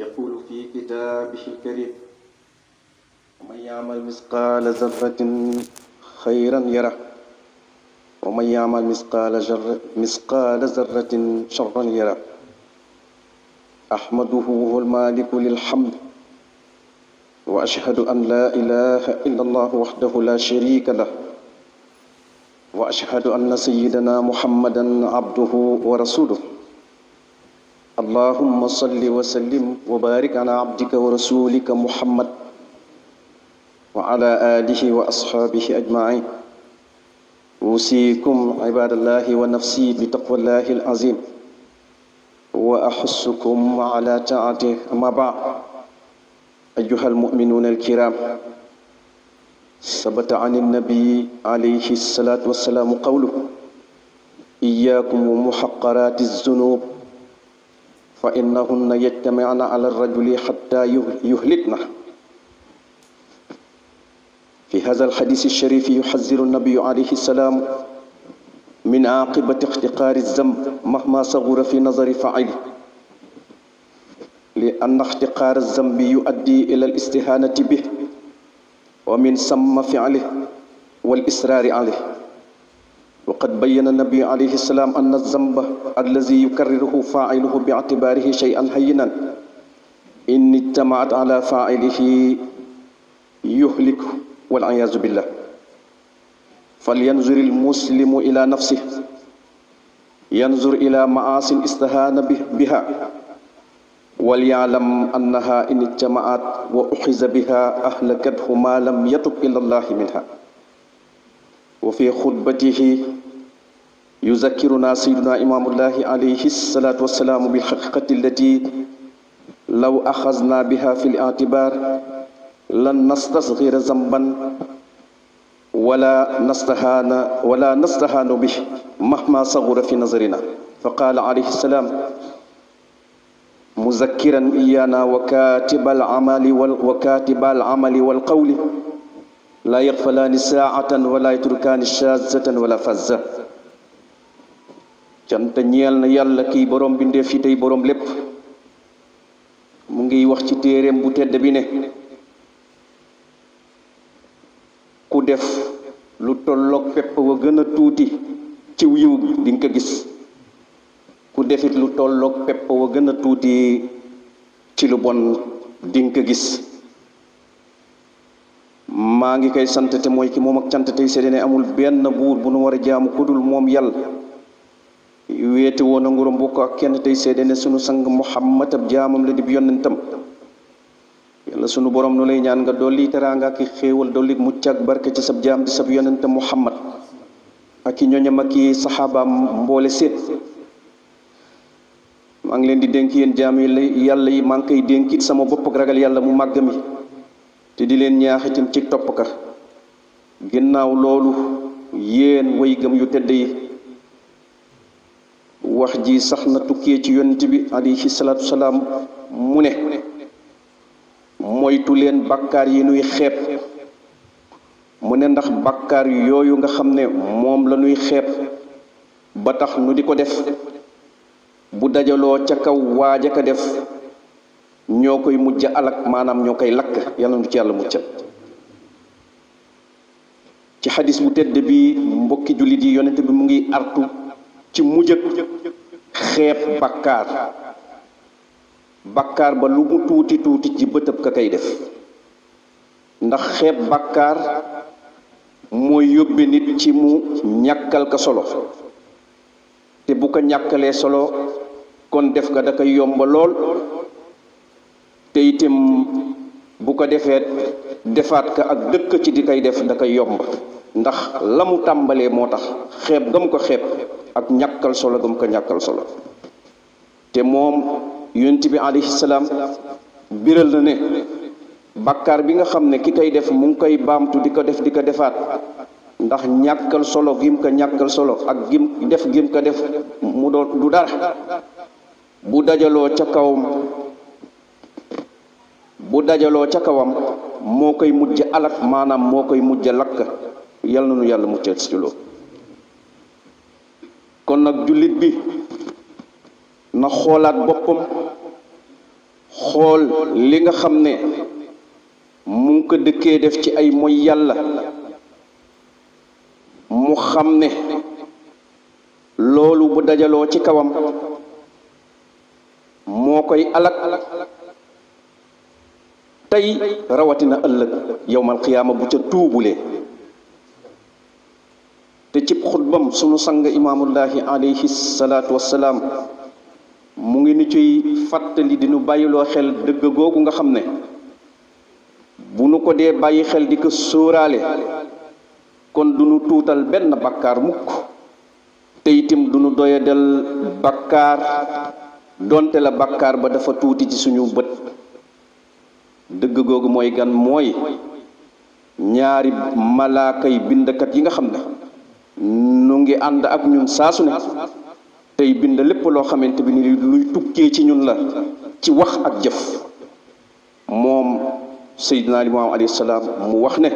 يقول في كتابه الكريم ومن يعمل مثقال ذرة خيرا يره ومن يعمل مثقال جر مثقال ذرة شرا يره أحمده هو المالك للحمد وأشهد أن لا إله إلا الله وحده لا شريك له وأشهد أن سيدنا محمدا عبده ورسوله اللهم صل وسلم وبارك على عبدك ورسولك محمد وعلى آله وأصحابه أجمعين أوصيكم عباد الله ونفسي بتقوى الله العظيم وأحسكم على طاعته أما بعد أيها المؤمنون الكرام ثبت عن النبي عليه الصلاة والسلام قوله إياكم ومحقرات الذنوب فإنهن يجتمعن على الرجل حتى يهلكنا في هذا الحديث الشريف يحذر النبي عليه السلام من عاقبة احتقار الذنب مهما صغر في نظر فاعله لأن احتقار الذنب يؤدي إلى الاستهانة به ومن ثم فعله والإصرار عليه وقد بين النبي عليه السلام أن الذنب الذي يكرره فاعله باعتباره شيئا هينا إن اجتمعت على فاعله يهلك والعياذ بالله فلينظر المسلم إلى نفسه ينظر إلى معاص استهان بها وليعلم أنها إن اجتمعت وأخذ بها أهلكته ما لم يتب إلى الله منها وفي خطبته يذكرنا سيدنا إمام الله عليه الصلاة والسلام بالحقيقة التي لو أخذنا بها في الاعتبار لن نستصغر ذنبا ولا نستهان ولا نستهان به مهما صغر في نظرنا فقال عليه السلام مذكرا إيانا وكاتب العمل وكاتب العمل والقول la yahfalani saatan wala yetrukani chazatan wala fazza janta ñeel na yàlla kii borom bindee fitey borom lépp mu ngiy wax ci téeréem bu tedd bi ne ku def lu tolloog pepp wa gën a tuuti ci wiw gi di nga ko gis ku defit lu tolloog pepp wa gën a tuuti ci lu bon di nga ko gis maangi ngi santete sant te mooy ki ak amul ben nabur bu nu war a jaamu kudul moom yàlla wéete woon a bokk ak kenn sunu sang muhammad ab jaamam la di yonentam sunu borom nu lay ñaan nga dolli teraanga ak xéewal dolli mucc barke ci sab jaam di sab yonente muhammad ak maki ñoñam ak i saxaabaam mboole seet maa ngi leen di dénk yéen jaam yi sama ak ragal mu te di leen ñaax itam ci topp ka ginnaaw loolu yéen way gëm yu tëdd yi wax ji sax na tukkee ci yonent bi alayhi salaatu salaam mu ne moytu leen bàkkaar yi nuy xeeb mu ne ndax bàkkaar yooyu nga xam ne moom la nuy xeeb ba tax nu di ko def bu dajaloo ca kaw waaja ko def ñoo koy mujj alak maanaam ñoo koy lakk yàlla nu ci yàlla muccal ci xadis bu tedd bi mbokki yi bi mu ngi artu ci mujjëg bakar bakar bakkaar ba lu mu tuuti tuuti ci bëtëb ka kay def ndax xeeb bakkaar mooy nit ci mu ka solo te bu ko ñàkkalee solo kon def ka da te itam bu ko defee defaat ka ak dëkk ci di kay def da koy yomb ndax la mu tàmbalee moo tax xeeb gam ko xeeb ak ñàkkal solo gam ko ñàkkal solo te moom yonent bi alayhi salaam biral na bi nga xam ne ki koy def mu ngi koy baamtu di ko def di ko defaat ndax ñàkkal solo gim ko ñàkkal solo ak gim def gim ko def mu doon du dara bu dajaloo ca kawam bu dajaloo ca kawam moo koy mujj alak maanaam moo koy mujj lakk yal na nu yàlla muccal ci loolu kon nag jullit bi na xoolaat boppam xool li nga xam ne mu ngi ko dëkkee def ci ay moy yàlla mu xam ne loolu bu dajaloo ci kawam moo koy alak tey rawatina ëllëg yowmal xiyaama bu ca tuubulee te cib xutbam sunu sang imaamullahi alayhi salaatu wassalaam mu ngi ni ciy fàttali di nu bàyyiloo xel dëgg googu nga xam ne bu nu ko dee bàyyi xel di ko sóoraale kon du nu tuutal benn bakkaar mukk te itam du nu doyadal bakkaar donte la bakkaar ba dafa tuuti ci suñu bët dëgg googu mooy gan mooy ñaari malaakay bindkat yi nga xam ne nu ngi ànd ak ñun saasu ne tey bind lépp loo xamante bi ni luy tukkee ci ñun la ci wax ak jëf moom Seydina Limaamu alayhi salaam mu wax ne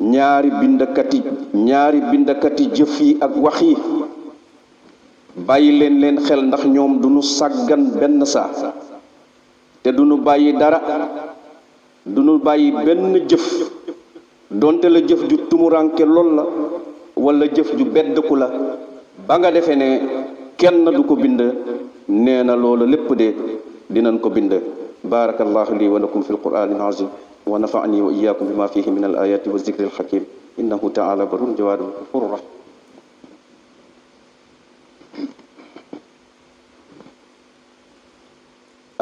ñaari bindkat yi ñaari bindkat jëf yi ak wax yi bàyyi leen leen xel ndax ñoom du ñu sàggan benn saa te duñu bàyyi dara duñu bàyyi benn jëf donte la jëf ju tumuranke lool la wala jëf ju beddku la ba nga defee ne kenn du ko bind nee na loola lépp de dinañ ko bind بارك الله لي ولكم في القرآن العظيم ونفعني وإياكم بما فيه من الآيات والذكر الحكيم إنه تعالى بر جواد ta'ala barun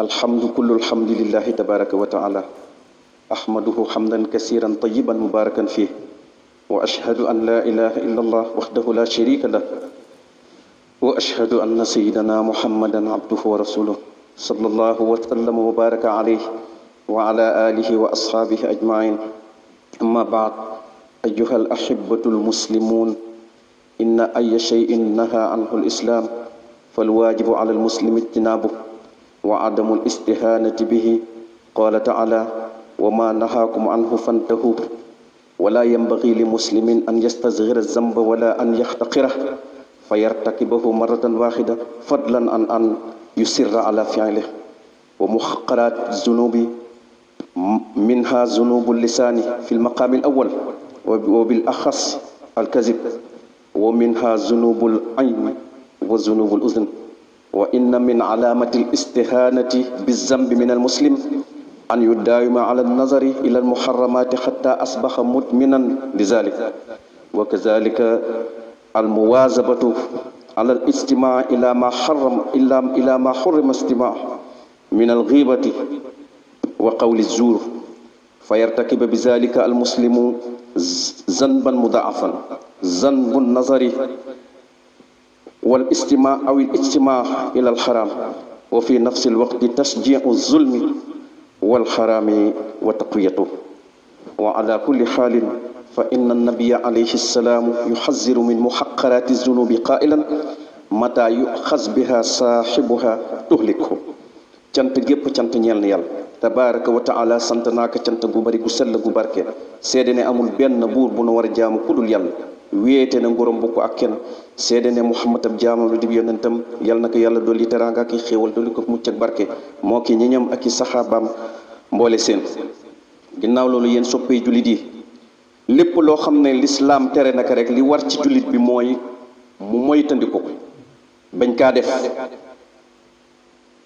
الحمد كل الحمد لله تبارك وتعالى أحمده حمدا كثيرا طيبا مباركا فيه وأشهد أن لا إله إلا الله وحده لا شريك له وأشهد أن سيدنا محمدا عبده ورسوله صلى الله وسلم وبارك عليه وعلى آله وأصحابه أجمعين أما بعد أيها الأحبة المسلمون إن أي شيء نهى عنه الإسلام فالواجب على المسلم اجتنابه وعدم الاستهانة به قال تعالى وما نهاكم عنه فانتهوا ولا ينبغي لمسلم أن يستصغر الذنب ولا أن يحتقره فيرتكبه مرة واحدة فضلا عن أن يسر على فعله ومحقرات الذنوب منها ذنوب اللسان في المقام الأول وبالأخص الكذب ومنها ذنوب العين وذنوب الأذن وإن من علامة الاستهانة بالذنب من المسلم أن يداوم على النظر إلى المحرمات حتى أصبح مدمنا لذلك وكذلك المواظبة على الاستماع إلى ما حرم إلا إلى ما حرم استماع من الغيبة وقول الزور فيرتكب بذلك المسلم ذنبا مضاعفا ذنب النظر والاستماع أو الاجتماع إلى الحرام وفي نفس الوقت تشجيع الظلم والحرام وتقويته وعلى كل حال فإن النبي عليه السلام يحذر من محقرات الذنوب قائلا متى يؤخذ بها صاحبها تهلكه cant جيب cant نيال نيال تبارك وتعالى سنتناك taala غبري غسل ko سيدنا امول bari gu sell gu barke seede wéyete na ngorom bokk ak kenn seede ne Muhammad ab jaamam la dib yonentam yal na ko yàlla yi teraanga ak i xéewal dolli ko mucc ak barke moo ki ñiñam ak i saxaabaam mboole seen ginnaaw loolu yéen soppee jullit yi lépp loo xam ne lislaam tere naka rek li war ci jullit bi mooy mu moytandiku bañ kaa def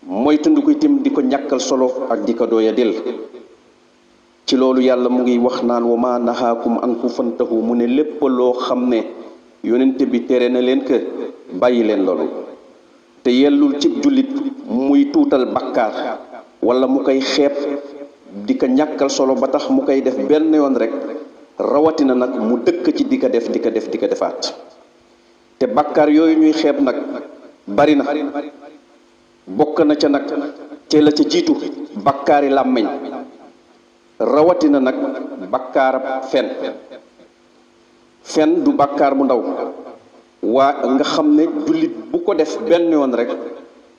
moytandiku itam di ko ñàkkal solo ak di ko dooya del ci loolu yàlla mu ngi wax naan wa ma nahaakum an ku fantahu mu ne lépp loo xam ne yonent bi tere na leen que bàyyi leen loolu te yellul cib jullit muy tuutal bakkaar wala mu koy xeeb di ko ñàkkal solo ba tax mu koy def benn yoon rek rawatina nag mu dëkk ci di ko def di ko def di ko defaat te bakkaar yooyu ñuy xeeb nag bari na bokk na ca nag te la ca jiitu bakkaari làmmiñ rawatina nag bakkaarab fen fen du bakkaar bu ndaw waa nga xam ne jullit bu ko def benn yoon rek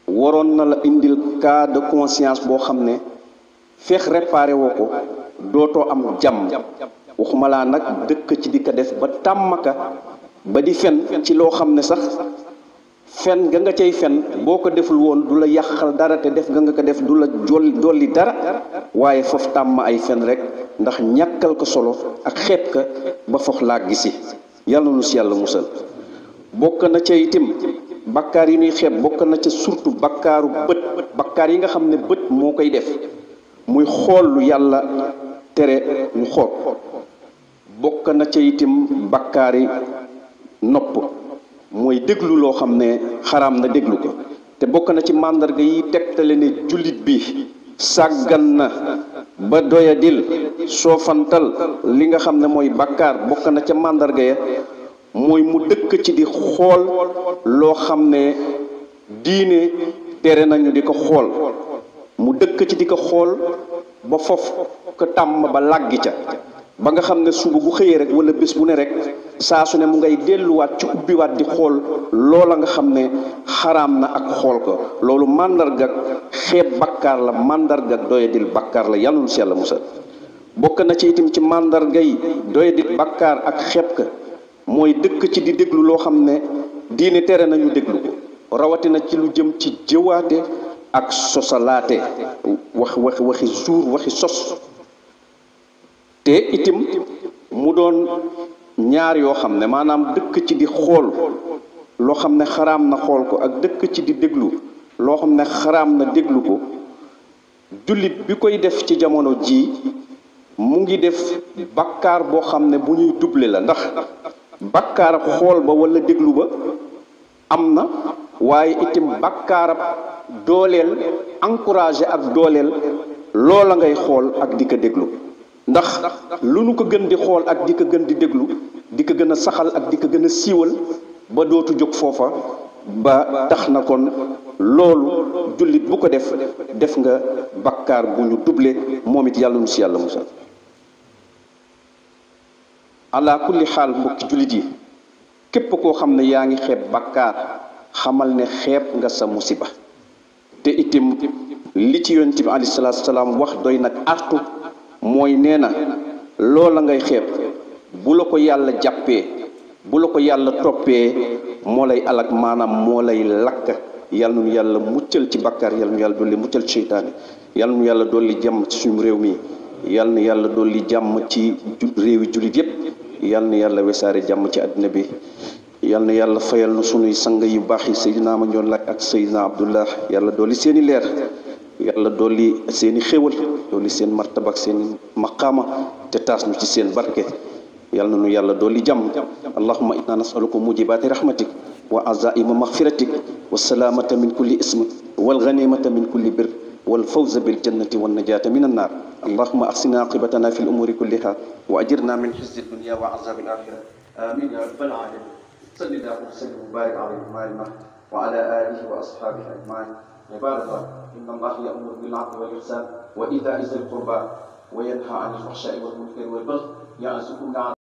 waroon na la indil cas de conscience boo xam ne feex réparé woo ko dootoo am jàmm waxuma nag dëkk ci di ko def ba tàmmaka ba di fen ci loo xam ne sax fen ga nga cay fen boo ko deful woon du la yàqal dara te def nga nga ko def jol dolli dara waaye fof tàmm ay fen rek ndax ñàkkal ko solo ak xeeb ka ba fox ya gisi ya nu si yàlla musal bokk na ca tim bakkaar yi ñuy xeeb bokk na ca surtout bakkaaru bët bakkaar yi nga xam ne bët koy def muy xool lu yàlla tere ñu xool bokk na ca itim bakkaari nopp mooy déglu loo xam ne xaraam na déglu ko te bokk na ci màndarga yi tegtale ne jullit bi sàggan na ba doyadil soofantal li nga xam ne mooy bàkkaar bokk na ca màndarga ya mooy mu dëkk ci di xool loo xam ne diine tere nañu di ko xool mu dëkk ci di ko xool ba foofu ko tàmm ba làggi ca ba nga xam ne suba bu xëyee rek wala bés bu ne rek saa su ne mu ngay delluwaat ci ubbiwaat di xool loola nga xam ne xaraam na ak xool ko loolu màndargak xeeb bakkaar la màndargak doyadil bakkaar la yàlla nu si yàlla musal bokk na ci itam ci màndarga yi doyadil bakkaar ak xeeb ka mooy dëkk ci di déglu loo xam ne diine tere nañu déglu ko rawatina ci lu jëm ci jëwaate ak sosalaate wax wax waxi suur waxi sos te itim mu doon ñaar yoo xam ne maanaam dëkk ci di xool loo xam ne xaraam na xool ko ak dëkk ci di déglu loo xam ne xaraam na déglu ko jullit bi koy def ci jamono ji mu ngi def bakkaar boo xam ne bu ñuy duble la ndax bakkaarab xool ba walla déglu ba am na waaye itam bakkaarab dooleel encouragé ak dooleel loola ngay xool ak di déglu ndax lu nu ko gën di xool ak di ko gën di déglu di ko gën a saxal ak di ko gën a siiwal ba dootu jóg foofa ba tax na kon loolu jullit bu ko def def nga bakkaar bu ñu duble moom it yàlla nu si yàlla musal ala kulli xaal mbokki jullit yi képp koo xam ne yaa ngi xeeb bakkaar xamal ne xeeb nga sa musiba te itim li ci yonent bi alayhi wax doy nag artu mooy nee na loola ngay xeeb bu la ko yàlla jàppee bu la ko yàlla toppee moo lay alak maanaam moo lay lakk yàlla nu yàlla muccal ci bakkaar yàlla nu yàlla dolli muccal ci seytaane yal nu yàlla dolli jàmm ci suñu réew mi yàlla na yàlla dolli jàmm ci réewi jullit yépp yàlla na yàlla wesaare jàmm ci àddina bi yàlla na yàlla fayal na sunuy sang yu baax yi Seydina Mandione Laye ak Seydina Abdoulaye yàlla dolli seeni leer yàlla dolli seen i xéwal dolli seen martaba ak seen maqaama te taas ñu ci seen barke yàlla na nu yàlla dolli jàmm allahuma inna nasaluka mujibaati rahmatik wa azaima maghfiratik wa salaamata min kulli ism wal ghanimata min kulli bir والفوز بالجنة والنجاة من النار اللهم أحسن عاقبتنا في الأمور كلها وأجرنا من خزي الدنيا وعذاب الآخرة آمين يا رب العالمين صلى الله وسلم وبارك على المال وعلى آله وأصحابه أجمعين عباد الله إن الله يأمر بالعدل والإحسان وإيتاء ذي القربى وينهى عن الفحشاء والمنكر والبغي يعزكم لعلكم